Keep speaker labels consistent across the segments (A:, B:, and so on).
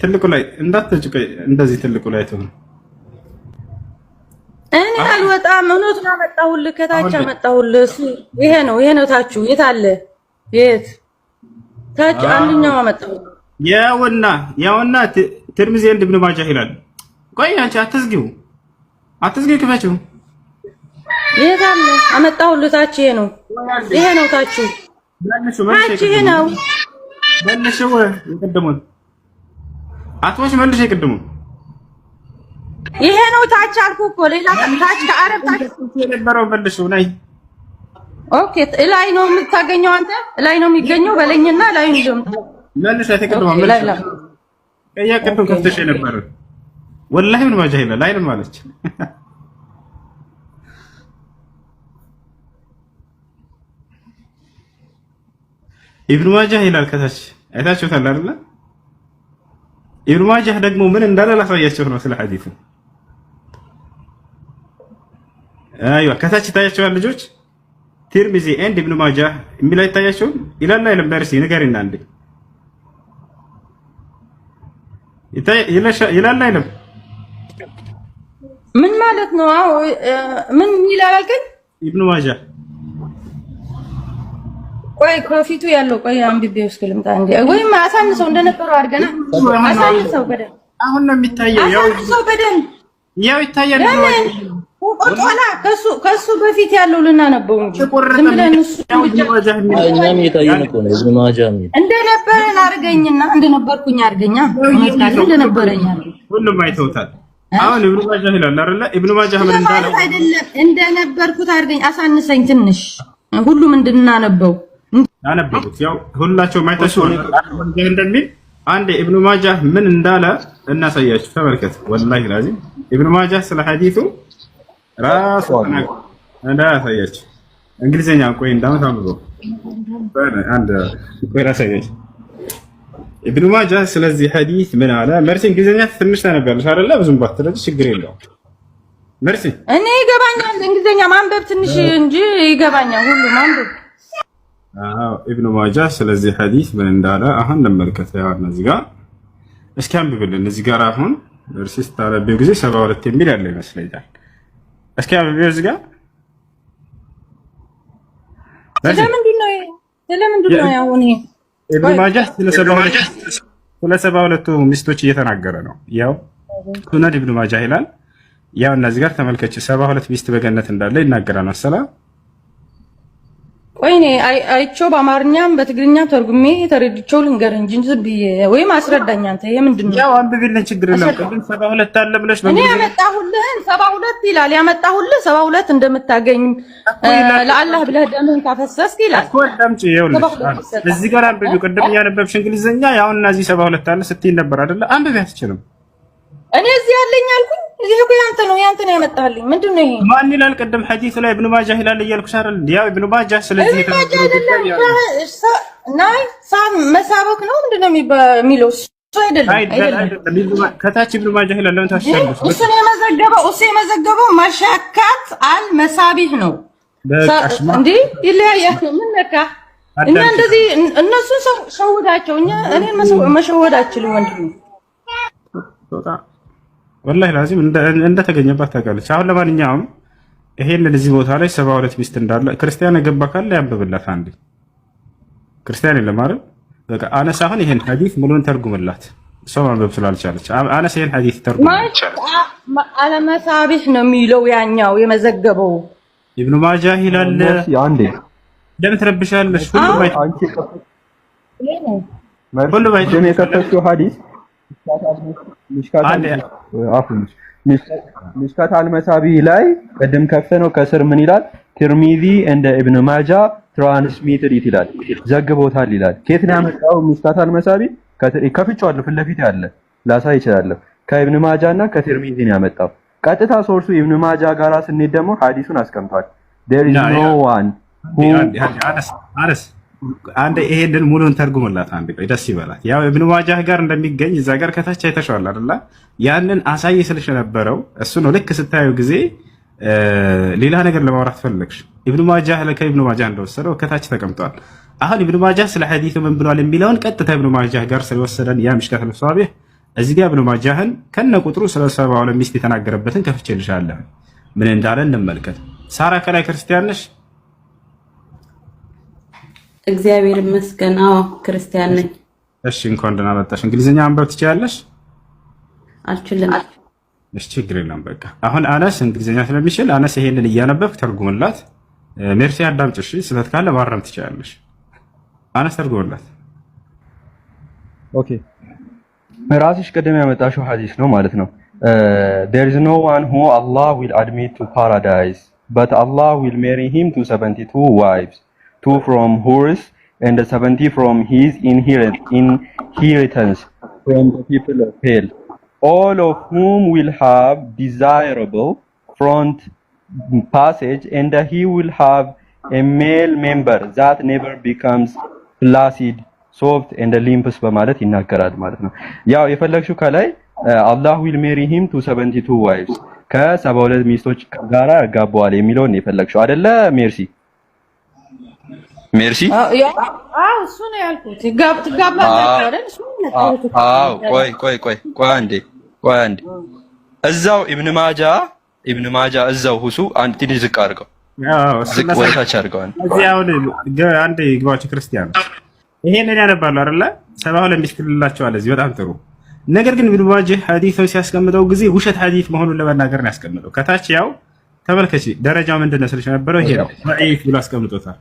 A: ትልቁ ላይ እንዳትጭቀ እንደዚህ ትልቁ ላይ ትሆን።
B: እኔ አልወጣም። እውነቱን አመጣሁልህ፣ ከታች አመጣሁልህ። ይሄ ነው ይሄ ነው ታቹ። የት አለ? የት ታች? አንደኛው አመጣሁልህ።
A: ያውና ያውና ትርምዚ እንድ ኢብኑ ማጃህ ይላል። ቆይ አንቺ አትዝጊው፣ አትዝጊው፣ ክፈችው።
B: የት አለ? አመጣሁልህ። ታች ይሄ ነው ይሄ ነው ታቹ።
A: ታች ይሄ ነው መልሽው፣ የቀደሙት አትዋሽ መልሽ። የቅድሙ
B: ይሄ ነው ታች አልኩ እኮ ሌላ ታች ከአረብ ታች
A: የነበረው መልሽ ላይ
B: ኦኬ፣ ላይ ነው የምታገኘው አንተ ላይ ነው የሚገኘው በለኝና ላይ ነው ደም
A: መልሽ። የተቀደመ መልሽ እያ ቅድም ከፍተሽ የነበረው ወላሂ ምን ማጃ ይላል ላይ ነው ማለች ኢብኑ ማጃ ይላል ከታች አይታችሁታል አይደል? ኢብኑ ማጃህ ደግሞ ምን እንዳለ ላሳያቸው ነው ስለ ሐዲሱ። አይዋ ከታች ይታያቸዋል ልጆች። ቲርሚዚ ኤንድ ኢብኑ ማጃህ የሚል አይታያቸውም? ይላል አይልም? ደርሲ ንገሪና እንዴ ይላል አይልም?
B: ምን ማለት ነው? አዎ ምን ይላል አልከኝ? ኢብኑ ማጃህ ቆይ ከፊቱ ያለው ቆይ አንብቤ ውስጥ ልምጣ እንዴ? ወይም አሳንሰው እንደነበረው አድርገና አሳንሰው በደንብ
A: አሁን ነው የሚታየው።
B: ያው አሳንሰው በደንብ ያው ይታያል። ቆጦና ከሱ ከሱ በፊት ያለው ልናነበው እንጂ
A: ዝም ብለን እሱ እኛም እየታየን እኮ ነው። እዚህ ማጃ
B: እንደነበረን አድርገኝና እንደነበርኩኝ አድርገኛ እንደነበረኝ
A: ሁሉም አይተውታል። አሁን ኢብኑ ማጃህ ይላል አይደለ? ኢብኑ ማጃህ ምን እንዳለው
B: አይደለም እንደነበርኩት አድርገኝ አሳንሰኝ ትንሽ ሁሉም እንድናነበው
A: ያነበቡት ያው ሁላቸውም አይታችሁ እንደሚል አንድ ኢብኑ ማጃህ ምን እንዳለ እናሳያችሁ። ተመልከት። ወላሂ ላዚም ኢብኑ ማጃህ ስለ ሐዲሱ ራሱ እንዳሳያችሁ እንግሊዝኛ ቆይ እንዳመት አንብቦ አንድ ቆይ ራሳያችሁ ኢብኑ ማጃህ ስለዚህ ሐዲስ ምን አለ? መርሲ እንግሊዝኛ ትንሽ ታነቢያለሽ አይደለ? ብዙም ባትረጂ ችግር የለውም። መርሲ
B: እኔ ይገባኛል እንግሊዝኛ ማንበብ ትንሽ እንጂ ይገባኛል ሁሉ ማንበብ
A: ኢብኑ ማጃ ስለዚህ ሐዲስ ምን እንዳለ አሁን እንመልከት። ያው እዚህ ጋር እስኪ አንብብልን። እዚህ ጋር አሁን እርስ ስታነቢው ጊዜ ሰባ ሁለት የሚል ያለ ይመስለኛል። እስኪ አንብቤው እዚህ ጋር ስለ ሰባ ሁለቱ ሚስቶች እየተናገረ ነው። ያው ሱነን ኢብኑ ማጃ ይላል። ያው እነዚህ ጋር ተመልከች፣ ሰባ ሁለት ሚስት በገነት እንዳለ ይናገራል። ሰላ
B: ወይኔ አይቼው በአማርኛም በትግርኛም ተርጉሜ ተረድቼው ልንገር እንጂ ዝም ብዬ ወይም አስረዳኝ። አንተ ይሄ ምንድን ነው?
A: ያው አንብቢልን፣ ችግር የለም። ቅድም ሰባ ሁለት አለ ብለሽ ነው
B: እኔ ያመጣሁልህን ሰባ ሁለት ይላል። ያመጣሁልህ ሰባ ሁለት እንደምታገኝ ለአላህ ብለህ ደምህን ካፈሰስክ ይላል እኮ።
A: አዳምጪ፣ ይኸውልሽ እዚህ ጋር አንብቢው። ቅድም እያነበብሽ እንግሊዝኛ፣ ያሁን እነዚህ ሰባ ሁለት አለ ስትይ ነበር አይደለ? አንብቢ አትችልም
B: እኔ እዚህ ያለኝ አልኩኝ። ይሄ እኮ ያንተ ነው ያንተ ነው ያመጣልኝ። ምንድን ነው ይሄ?
A: ማን ይላል? ቅድም ሐዲስ ላይ ኢብኑ ማጃህ ይላል እያልኩሽ አይደል? ያ ኢብኑ ማጃህ ስለዚህ
B: ናይ ሳም መሳበክ ነው ምንድን ነው የሚለው? እሱ አይደለም
A: አይደለም። ከታች ኢብኑ ማጃህ ይላል። ለምን ታሻለሽ?
B: እሱ ነው የመዘገበው እሱ የመዘገበው መሻካት አል መሳቢህ ነው እንዴ? ይለያያል። ምን ነካ? እኛ እንደዚህ እነሱን ሰውዳቸው እኛ እኔን መሸወዳችል ወንድም ነው
A: ወላሂ ላዚም እንደተገኘባት ታውቃለች። አሁን ለማንኛውም ይሄን እዚህ ቦታ ላይ ሰባ ሁለት ሚስት እንዳለ ክርስቲያን የገባ ካለ ያንብብላት። አንድ ክርስቲያን የለም አይደል? በቃ አነስ አሁን ይሄን ሐዲስ ሙሉን ተርጉምላት። ሰው ማንበብ ስላልቻለች አነስ ይሄን ሐዲስ ተርጉምላት።
B: አለመሳቢህ ነው የሚለው ያኛው የመዘገበው
A: ኢብኑ ማጃ ይላል። አንዴ ለምን ትረብሻለሽ? ሁሉ ባይ ሁሉ ባይ ሐዲስ ሚሽካት አልመሳቢ ላይ ቅድም ከፍተህ ነው ከስር ምን ይላል? ትርሚዚ እንደ ኢብን ማጃ ትራንስሚትሪት ይላል ዘግቦታል ይላል። ከየት ነው ያመጣው? ሚሽካት አልመሳቢ ከፍቼዋለሁ፣ ፊት ለፊት ያለ ላሳይ እችላለሁ። ከኢብን ማጃ እና ከትርሚዚ ነው ያመጣው። ቀጥታ ሶርሱ ኢብን ማጃ ጋራ ስንሄድ ደግሞ ሐዲሱን አስቀምጧል። there is no one who አንድ ይሄንን ሙሉን ተርጉምላት አንድ ቆይ ደስ ይበላት። ያው እብን ዋጃህ ጋር እንደሚገኝ እዛ ጋር ከታች አይተሸዋል አይደለ? ያንን አሳይ ስልሽ ነበረው እሱ ነው። ልክ ስታዩ ጊዜ ሌላ ነገር ለማውራት ፈለግሽ። እብን ዋጃህ ከእብን ዋጃህ እንደወሰደው ከታች ተቀምጧል። አሁን እብን ዋጃህ ስለ ሐዲሱ ምን ብሏል የሚለውን ቀጥታ እብን ዋጃህ ጋር ስለወሰደን ያ ምሽከት ልሷቢህ እዚህ ጋር እብን ዋጃህን ከነ ቁጥሩ ስለ ሰባ ሁለት የተናገረበትን ከፍቼልሻለሁ። ምን እንዳለ እንመልከት። ሳራ ከላይ ክርስቲያን ነሽ
B: እግዚአብሔር ይመስገን። አዎ ክርስቲያን ነኝ።
A: እሺ እንኳን ደህና መጣሽ። እንግሊዝኛ አንበብ ትችያለሽ? አልችልም። እሺ ችግር የለም። በቃ አሁን አነስ እንግሊዝኛ ስለሚችል አነስ ይሄንን እያነበብክ ተርጉምላት። ሜርሲ አዳምጭ። እሺ። ስህተት ካለ ማረም ትችያለሽ። አነስ ተርጉምላት። ኦኬ ራስሽ ቀደም ያመጣሽው ሐዲስ ነው ማለት ነው። there is no one who Allah will admit to paradise but Allah will marry him to 72 wives two from hers, and seventy from his inheritance from the people of hell, all of whom will have desirable front passage, and he will have a male member that never becomes placid soft, and limp. በማለት ይናገራል ማለት ነው። ያው የፈለግሽው ከላይ አላህ ዊል ሜሪ ሂም ቱ 72 ዋይፍስ ከሰባ ሁለት ሚስቶች ጋራ ያጋባዋል የሚለውን የፈለግሽው አይደለ ሜርሲ? ሜርሲ
B: እሱ ነው ያልኩት።
A: ቆይ ቆይ ቆይ ቆይ አንዴ ቆይ አንዴ እዛው ኢብን ማጃ ኢብን ማጃ እዛው ሁሱ አንድ ትንሽ ዝቅ አድርገው ዝቅ ወታች አድርገው አንዴ ግባቸው ክርስቲያኑ ይሄንን ያነባሉ አይደለ? ሰባ ሁለት እንዲስክልላቸዋል። እዚህ በጣም ጥሩ ነገር ግን ኢብን ማጃ ሲያስቀምጠው ጊዜ ውሸት ሐዲስ መሆኑን ለመናገር ነው ያስቀምጠው። ከታች ያው ተመልከች፣ ደረጃው ምንድን ነው ስልሽ ነበረው ይሄ ነው ضعيف ብሎ አስቀምጦታል።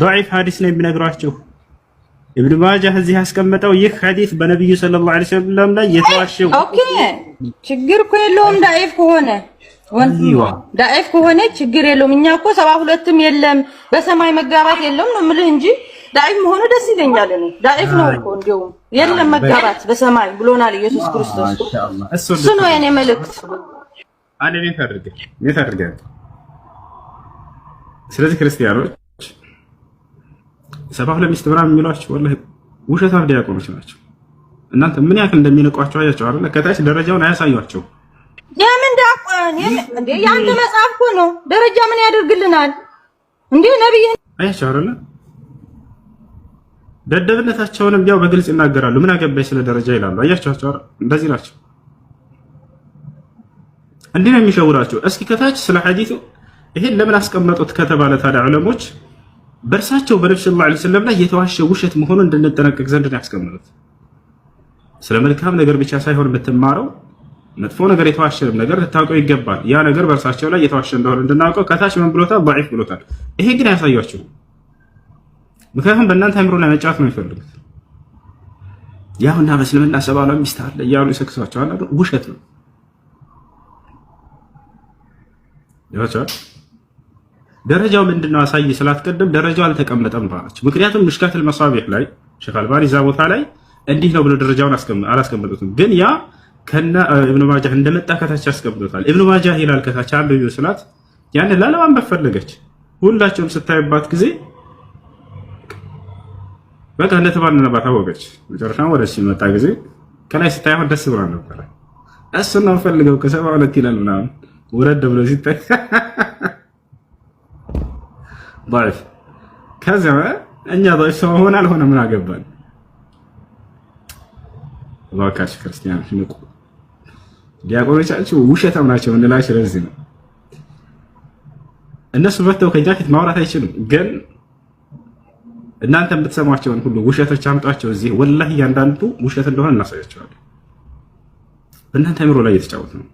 A: ዶዒፍ ሀዲስ ነው የሚነግሯችሁ። ኢብኑ ማጃህ እዚህ ያስቀመጠው ይህ ሀዲስ በነቢዩ ሰለላሁ ዐለይሂ ወሰለም ላይ የተዋሸው።
B: ኦኬ ችግር እኮ የለውም ዳኢፍ ከሆነ ዳኢፍ ከሆነ ችግር የለውም። እኛ እኮ ሰባ ሁለትም የለም በሰማይ መጋባት የለም ነው የምልህ እንጂ ዳኢፍ መሆኑ ደስ ይለኛል። እኔ ዳኢፍ ነው እኮ እንዲያውም የለም መጋባት በሰማይ ብሎናል ኢየሱስ ክርስቶስ። እሱ ነው የኔ መልእክት።
A: አንዴ ይፈርግ ይፈርግ። ስለዚህ ክርስቲያኖች ሰባ ሁለት ሚስት ምናምን የሚሏቸው ወላሂ ውሸታም ዲያቆኖች ናቸው። እናንተ ምን ያክል እንደሚንቋቸው አያቸው አይደለ? ከታች ደረጃውን አያሳያቸው።
B: የምን የአንተ መጽሐፍ እኮ ነው። ደረጃ ምን ያደርግልናል እንዴ? ነብይ
A: አያቸው አይደለ? ደደብነታቸውንም ያው በግልጽ ይናገራሉ። ምን አገባኝ ስለ ደረጃ ይላሉ። አያቸዋቸው አይደል? እንደዚህ ናቸው። እንዲህ ነው የሚሸውራቸው። እስኪ ከታች ስለ ሐዲቱ ይሄን ለምን አስቀመጡት ከተባለ ታዲያ ዑለሞች በእርሳቸው በነብዩ ስ ላ ስለም ላይ የተዋሸ ውሸት መሆኑን እንድንጠነቀቅ ዘንድ ነው ያስቀመጡት። ስለ መልካም ነገር ብቻ ሳይሆን የምትማረው መጥፎ ነገር የተዋሸንም ነገር ልታውቀው ይገባል። ያ ነገር በእርሳቸው ላይ የተዋሸ እንደሆነ እንድናውቀው ከታች ምን ብሎታል? ضعيف ብሎታል። ይሄ ግን አያሳያችሁ። ምክንያቱም በእናንተ አይምሮ ላይ መጫወት ነው የሚፈልጉት። ያውና በእስልምና ሰባ ሚስት አለ እያሉ ይሰክሷቸዋል። ውሸት ነው ይቻል ደረጃው ምንድን ነው አሳይ ስላትቀደም ደረጃው አልተቀመጠም ባለች። ምክንያቱም ምሽካትል መሳቢህ ላይ ሼክ አልባኒ እዛ ቦታ ላይ እንዲህ ነው ብሎ ደረጃውን አላስቀመጡትም። ግን ያ ከና ኢብኑ ማጃህ እንደመጣ ከታች ያስቀምጡታል። ኢብኑ ማጃህ ይላል ከታች አንብዩ ስላት ያን ላለማንበብ ፈለገች። ሁላቸውም ስታይባት ጊዜ በቃ እንደተባለነባት አወቀች። መጨረሻ ወደ ሲመጣ ጊዜ ከላይ ስታይ አሁን ደስ ብላ ነበረ። እሱን ነው ፈልገው ከሰባ ሁለት ይላል ምናምን ወረድ ብሎ ሲታይ ضعيف ከዛ እኛ ضعيف ስለሆነ አልሆነ ምን አገባን። እባካችሁ ክርስቲያኖች ንቁ። ዲያቆኖቻችሁ ውሸታም ናቸው እንላችሁ ስለዚህ ነው። እነሱ መጥተው ከኛ ፊት ማውራት አይችሉም፣ ግን እናንተ የምትሰሟቸውን ሁሉ ውሸቶች አምጧቸው እዚህ። ወላሂ እያንዳንዱ ውሸት እንደሆነ እናሳያቸዋለን። በእናንተ አእምሮ ላይ እየተጫወት ነው።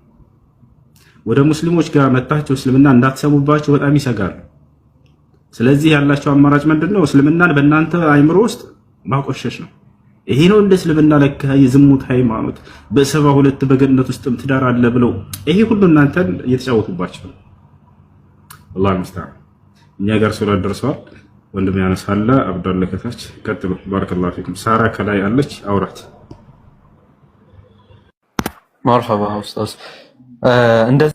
A: ወደ ሙስሊሞች ጋር መታቸው እስልምና እንዳትሰሙባቸው በጣም ይሰጋሉ። ስለዚህ ያላቸው አማራጭ ምንድን ነው? እስልምናን በእናንተ አይምሮ ውስጥ ማቆሸሽ ነው። ይሄ ነው እንደ እስልምና ለከ የዝሙት ሃይማኖት፣ በሰባ ሁለት በገነት ውስጥም ትዳር አለ ብለው ይሄ ሁሉ እናንተን እየተጫወቱባቸው ነው። አላህ ሙስተዓን። እኛ ጋር ሶላት ደርሰዋል። ወንድም ያነሳለ አብዳለ ከታች ቀጥሎ። ባረከላሁ ፊኩም። ሳራ ከላይ አለች አውራት። መርሐባ ኡስታዝ እንደዚህ